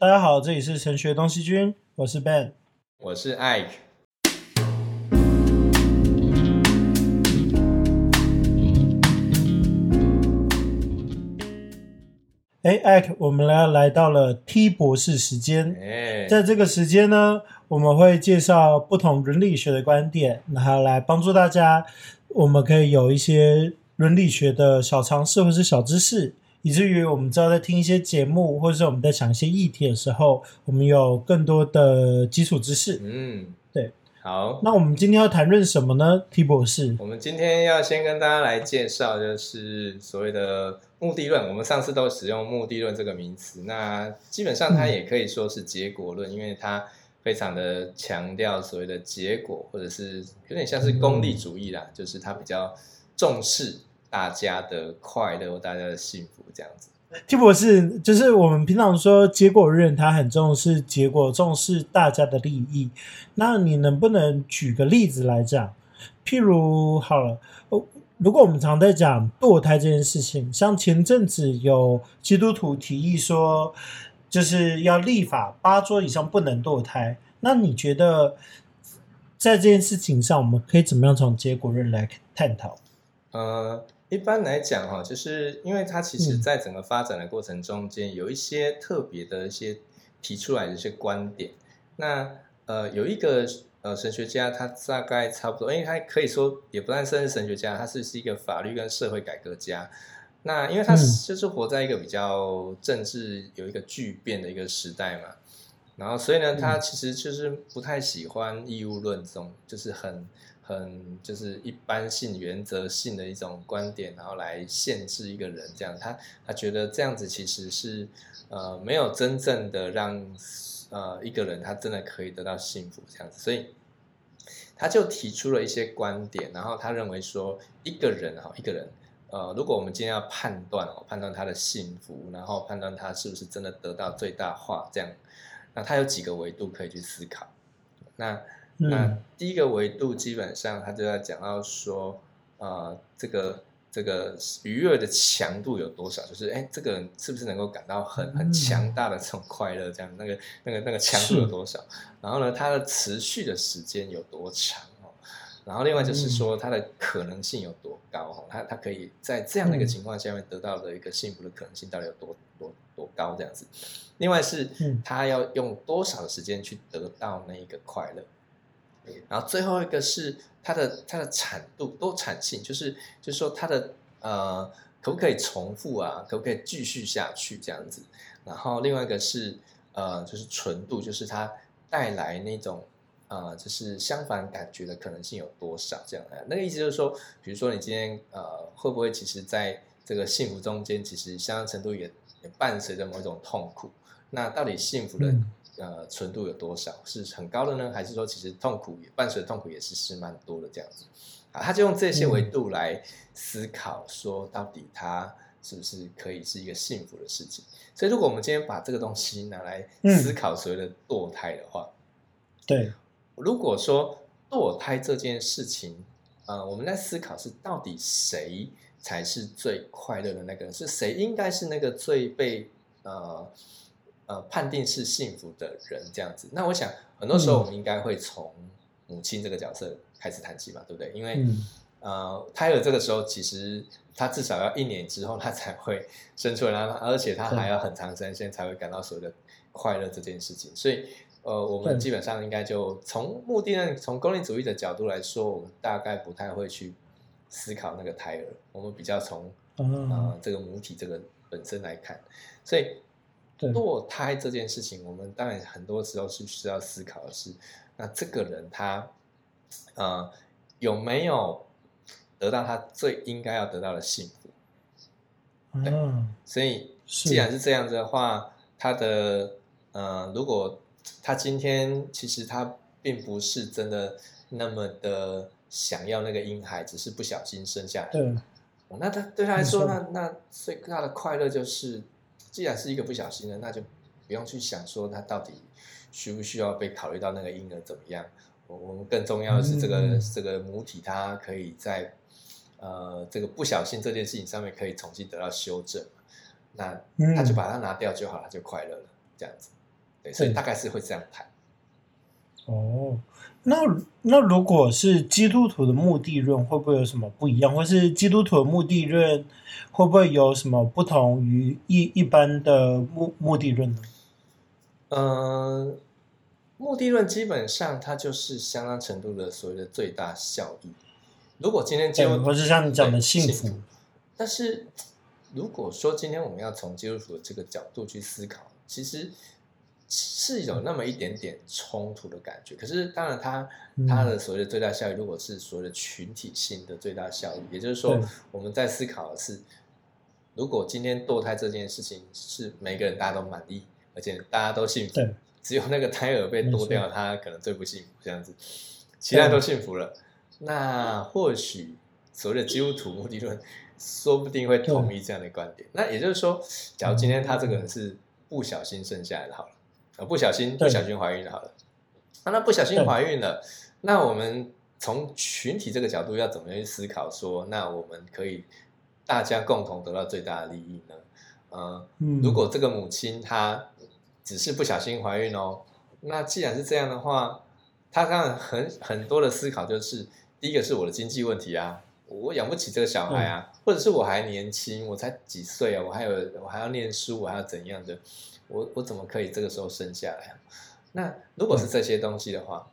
大家好，這裡是神學東西君，我是 Ben，我是艾克。哎、欸，艾克，我們來來到了 T 博士時間。欸、在這個時間呢，我們會介紹不同倫理學的觀點，然後來幫助大家，我們可以有一些倫理學的小常識或是小知識。以至於我們知道在聽一些節目，或者是我們在想一些議題的時候，我們有更多的基礎知識。嗯，對，好。那我們今天要談論什麼呢，T 博士？我們今天要先跟大家來介紹，就是所謂的目的論。我們上次都使用目的論這個名詞，那基本上它也可以說是結果論，嗯、因為它非常的強調所謂的結果，或者是有點像是功利主義啦，嗯、就是它比較重視。大家的快樂，大家的幸福這樣子，T 博士，就是我們平常說結果論，他很重視結果，重視大家的利益。那你能不能舉個例子來講？譬如好了，如果我們常在講墮胎這件事情，像前陣子有基督徒提議說，就是要立法八週以上不能墮胎。那你覺得在這件事情上，我們可以怎麼樣從結果論來探討？呃。一般來講哈，就是因為他其實在整個發展的過程中間，有一些特別的一些提出來的一些觀點。那呃，有一個呃神學家，他大概差不多，因為他可以說也不算算是神學家，他是是一個法律跟社會改革家。那因為他就是活在一個比較政治有一個巨變的一個時代嘛，然後所以呢，他其實就是不太喜歡義務論這種，就是很。很就是一般性原則性的一種觀點，然後來限制一個人這樣，他他覺得這樣子其實是呃沒有真正的讓呃一個人他真的可以得到幸福這樣子，所以他就提出了一些觀點，然後他認為說一個人哈一個人呃如果我們今天要判斷哦判斷他的幸福，然後判斷他是不是真的得到最大化這樣，那他有幾個維度可以去思考那。那第一個維度基本上他就要講到說，呃，這個這個愉悅的強度有多少？就是哎、欸，這個人是不是能夠感到很很強大的這種快樂？這樣那個那個那個強度有多少？然後呢，它的持續的時間有多長？哦，然後另外就是說它的可能性有多高？哦，他他可以在這樣的一個情況下面得到的一個幸福的可能性到底有多多多高？這樣子，另外是，他要用多少的時間去得到那一個快樂？然後最後一個是它的它的產度多產性，就是就是說它的呃可不可以重複啊，可不可以繼續下去這樣子。然後另外一個是呃就是純度，就是它帶來那種呃就是相反感覺的可能性有多少這樣。那個意思就是說，比如說你今天呃會不會其實在這個幸福中間，其實相當程度也也伴隨着某種痛苦。那到底幸福的？嗯呃，純度有多少？是很高的呢，還是說其實痛苦也伴隨痛苦也是是蠻多的這樣子？好，他就用這些維度來思考，說到底他是不是可以是一個幸福的事情？所以，如果我們今天把這個東西拿來思考所謂的墮胎的話，嗯、對，如果說墮胎這件事情、呃，我們在思考是到底誰才是最快樂的那個是誰應該是那個最被呃？呃，判定是幸福的人這樣子，那我想很多時候我們應該會從母親這個角色開始談起嘛，嗯、對不對？因為、嗯、呃，胎兒這個時候其實他至少要一年之後他才會生出來，而且他還要很長時間對才會感到所謂的快樂這件事情。所以呃，我們基本上應該就從目的論、對從功利主義的角度來說，我們大概不太會去思考那個胎兒，我們比較從、嗯嗯、呃這個母體這個本身來看，所以。墮胎這件事情，我們當然很多時候是需要思考的是，那這個人他，呃，有沒有得到他最應該要得到的幸福？嗯，所以，既然是這樣子的話，是他的，呃，如果他今天其實他並不是真的那麼的想要那個嬰孩，只是不小心生下來，對那他對他來說，嗯、那那最大的快樂就是。既然是一個不小心的，那就不用去想說他到底需不需要被考慮到那個嬰兒怎麼樣。我、我們更重要的是，這個、嗯、這個母體它可以在呃這個不小心這件事情上面可以重新得到修正。那他就把它拿掉就好了，嗯、就快樂了，這樣子。對，所以大概是會這樣談。嗯、哦。那那如果是基督徒的目的論，會不會有什麼不一樣？或是基督徒的目的論會不會有什麼不同於一一般的目目的論呢？呃，目的論基本上它就是相當程度的所謂的最大效益。如果今天教我、欸、不是像你講的幸福、欸，但是如果說今天我們要從基督徒的這個角度去思考，其實。是有那麼一點點衝突的感覺，可是當然他，他、嗯、他的所謂的最大效益，如果是所謂的群體性的最大效益，也就是說，我們在思考的是，對如果今天墮胎這件事情是每個人大家都滿意，而且大家都幸福，對只有那個胎兒被墮掉，他可能最不幸福這樣子，對其他都幸福了，對那或許所謂的基督徒目的論，說不定會同意這樣的觀點。對那也就是說，假如今天他這個人是不小心生下來的好了。不小心，不小心懷孕了好了對、啊，那不小心懷孕了，對那我們從群體這個角度要怎麼樣去思考說？說那我們可以大家共同得到最大的利益呢？呃嗯、如果這個母親她只是不小心懷孕哦，那既然是這樣的話，她當然很，很多的思考就是，第一個是我的經濟問題啊。我養不起這個小孩啊，或者是我還年輕，我才幾歲啊，我還有我還要念書，我還要怎樣的？我我怎麼可以這個時候生下來啊？那如果是這些東西的話，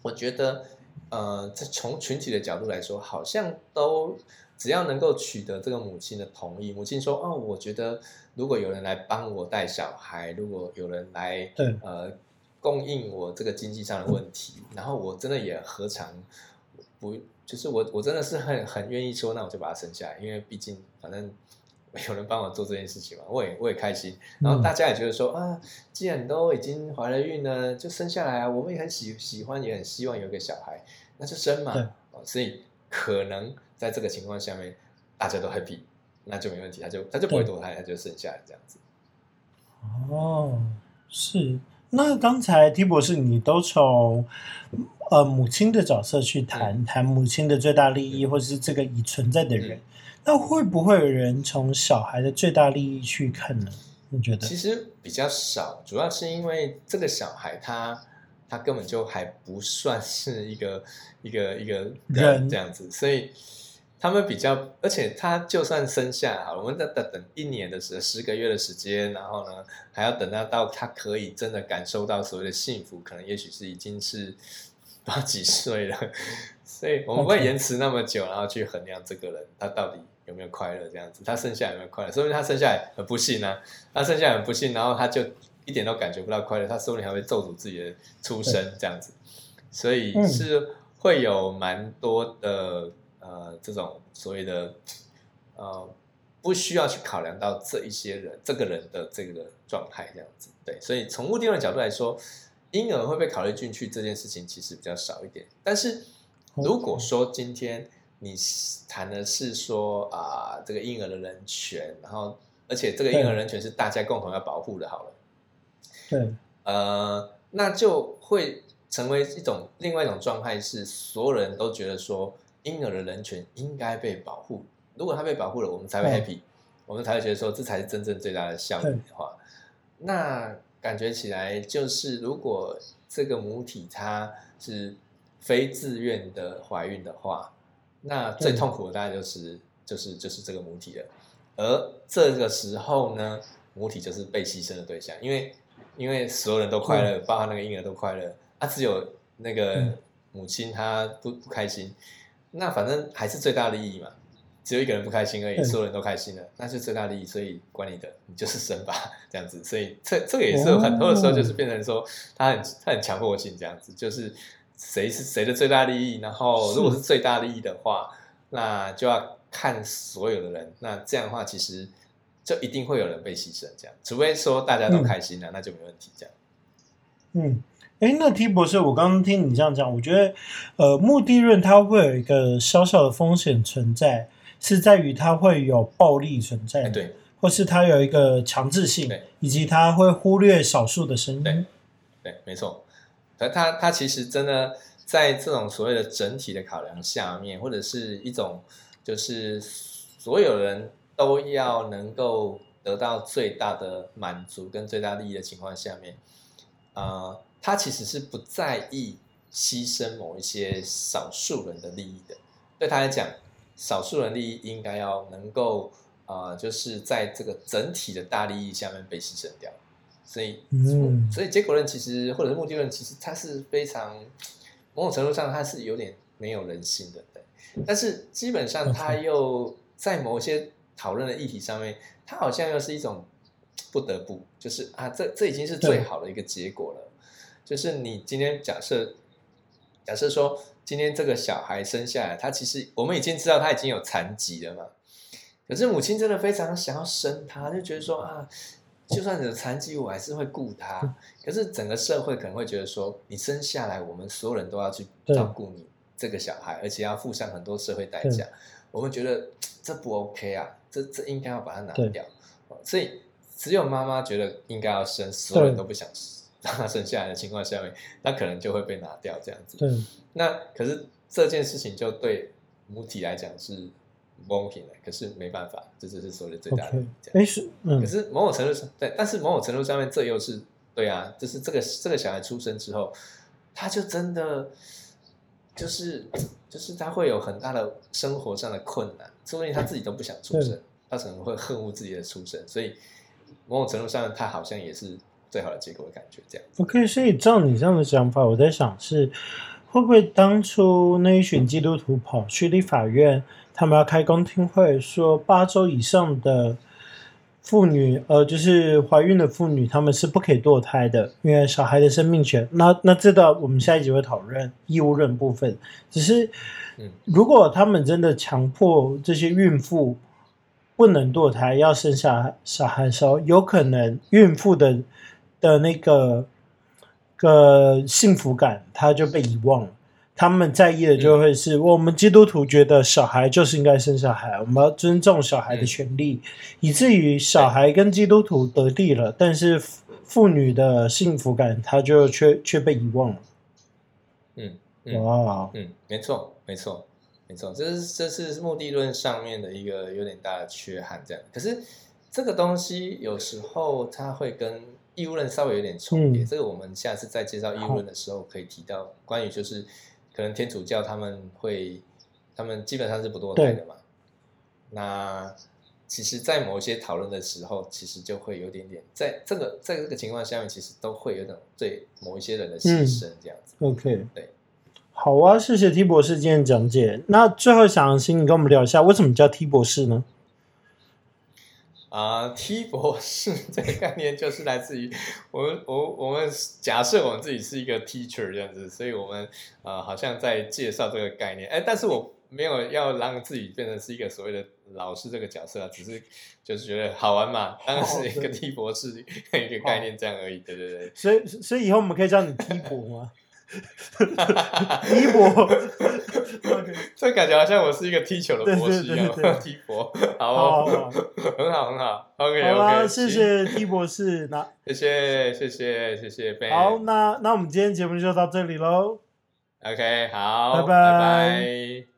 我覺得，呃，這從群體的角度來說，好像都只要能夠取得這個母親的同意，母親說，哦，我覺得如果有人來幫我帶小孩，如果有人來呃供應我這個經濟上的問題，然後我真的也何嘗？不，就是我，我真的是很很願意說，那我就把它生下來，因為畢竟反正有人幫我做這件事情嘛，我也我也開心。然後大家也覺得說，嗯、啊，既然都已經懷了孕了，就生下來啊，我們也很喜喜歡，也很希望有一個小孩，那就生嘛。對所以可能在這個情況下面，大家都 happy，那就沒問題，他就他就不會墮胎，對他就生下來這樣子。哦，是。那剛才 T 博士，你都從。呃，母親的角色去談、嗯、談母親的最大利益，嗯、或者是這個已存在的人，嗯、那會不會有人從小孩的最大利益去看呢？你覺得？其實比較少，主要是因為這個小孩他他根本就還不算是一個一個一個，一個人這樣子，所以他們比較，而且他就算生下我們再等一年的時十個月的時間，然後呢，還要等到到他可以真的感受到所謂的幸福，可能也許是已經是。不知道幾歲了，所以我們不會延遲那麼久，然後去衡量這個人他到底有沒有快樂，這樣子，他生下來有沒有快樂？說不定，他生下來很不幸啊。他生下來很不幸，然後他就一點都感覺不到快樂，他說不定還會咒詛自己的出生這樣子，對所以是會有蠻多的呃這種所謂的呃不需要去考量，到這一些人這個人的這個狀態這樣子，對，所以從目的論的角度來說。嬰兒會被考慮進去這件事情其實比較少一點，但是如果說今天你談的是說啊、嗯嗯呃、這個嬰兒的人權，然後而且這個嬰兒人權是大家共同要保護的，好了，對，呃，那就會成為一種另外一種狀態是，是所有人都覺得說嬰兒的人權應該被保護，如果他被保護了，我們才會 happy，對我們才會覺得說這才是真正最大的效益的話，對那。感覺起來就是，如果這個母體她是非自願的懷孕的話，那最痛苦的大概就是就是就是這個母體了。而這個時候呢，母體就是被犧牲的對象，因為因為所有人都快樂，包括那個嬰兒都快樂，嗯、啊，只有那個母親她不不開心。那反正還是最大的意義嘛。只有一個人不開心而已，所有人都開心了，對那是最大利益，所以管你的，你就是神吧，這樣子。所以這這個也是有很多的時候，就是變成說他很他很強迫性這樣子，就是誰是誰的最大利益，然後如果是最大利益的話，是那就要看所有的人，那這樣的話其實就一定會有人被犧牲，這樣，除非說大家都開心了，嗯、那就沒問題，這樣。嗯，哎，那 T 博士，我剛剛聽你這樣講，我覺得呃，目的論它會有一個小小的風險存在。是在於它會有暴力存在的，欸、對，或是它有一個強制性，對以及它會忽略少數的聲音，對，對，沒錯。可是它，它其實真的在這種所謂的整體的考量下面，或者是一種就是所有人都要能夠得到最大的滿足跟最大利益的情況下面，呃，它其實是不在意犧牲某一些少數人的利益的。對他來講。少數人利益應該要能夠，啊、呃，就是在這個整體的大利益下面被犧牲掉，所以，嗯、所以結果論其實，或者是目的論其實，它是非常某種程度上它是有點沒有人性的，對。但是基本上它又在某些討論的議題上面，它好像又是一種不得不，就是啊，這這已經是最好的一個結果了，對就是你今天假設。假設說今天這個小孩生下來，他其實我們已經知道他已經有殘疾了嘛。可是母親真的非常想要生他，就覺得說啊，就算有殘疾，我還是會顧他。可是整個社會可能會覺得說，你生下來，我們所有人都要去照顧你這個小孩，而且要付上很多社會代價。我們覺得這不 OK 啊，這這應該要把它拿掉。所以只有媽媽覺得應該要生，所有人都不想生。他生下來的情況下面，那可能就會被拿掉這樣子。嗯，對。那可是這件事情就對母體來講是不公平的，可是沒辦法，就這就是所謂的最大的。哎，是。嗯。可是某種程度上，嗯、對，但是某種程度上面，這又是對啊，就是這個這個小孩出生之後，他就真的就是就是他會有很大的生活上的困難，說不定他自己都不想出生，對他可能會恨惡自己的出生，所以某種程度上，他好像也是。最好的結果的感覺，這樣 OK。所以照你這樣的想法，我在想是會不會當初那一群基督徒跑去立法院，他們要開公聽會，說八周以上的婦女，呃，就是懷孕的婦女，他們是不可以墮胎的，因為小孩的生命權。那那知道我們下一集會討論義務論部分。只是，如果他們真的強迫這些孕婦不能墮胎，要生下小孩，時候有可能孕婦的。的那個個幸福感，他就被遺忘了。他們在意的就會是、嗯、我們基督徒覺得小孩就是應該生小孩，我們要尊重小孩的權利，嗯、以至於小孩跟基督徒得利了，嗯、但是婦女的幸福感，他、嗯、就卻卻被遺忘了。嗯，哦，嗯，沒錯、哦嗯，沒錯，沒錯，這是這是目的論上面的一個有點大的缺憾。這樣，可是這個東西有時候他會跟義務論稍微有點重疊，嗯、這個我們下次再介紹義務論的時候可以提到。關於就是，可能天主教他們會，他們基本上是不墮胎的嘛。對那其實，在某一些討論的時候，其實就會有點點、這個，在這個在這個情況下面，其實都會有點對某一些人的犧牲，這樣子。OK、嗯、對，好啊，謝謝 T 博士今天講解。那最後想請你跟我們聊一下，為什麼叫 T 博士呢？啊、uh，T 博士這個概念，就是來自於我們，我我們假設我們自己是一個 teacher 這樣子，所以我們呃好像在介紹這個概念，哎，但是我沒有要讓自己變成是一個所謂的老師這個角色，啊，只是就是覺得好玩嘛，當時是一個 T 博士的一個概念這樣而已，oh, 對對對。所以所以以後我們可以叫你 T 博嗎？ T 博，這感覺好像我是一個踢球的博士一樣，踢博，好，很好，很好，OK，OK，好謝謝 T 博士，那謝謝，謝謝，謝謝，好，那那我們今天節目就到這裡嘍，OK，好，拜拜。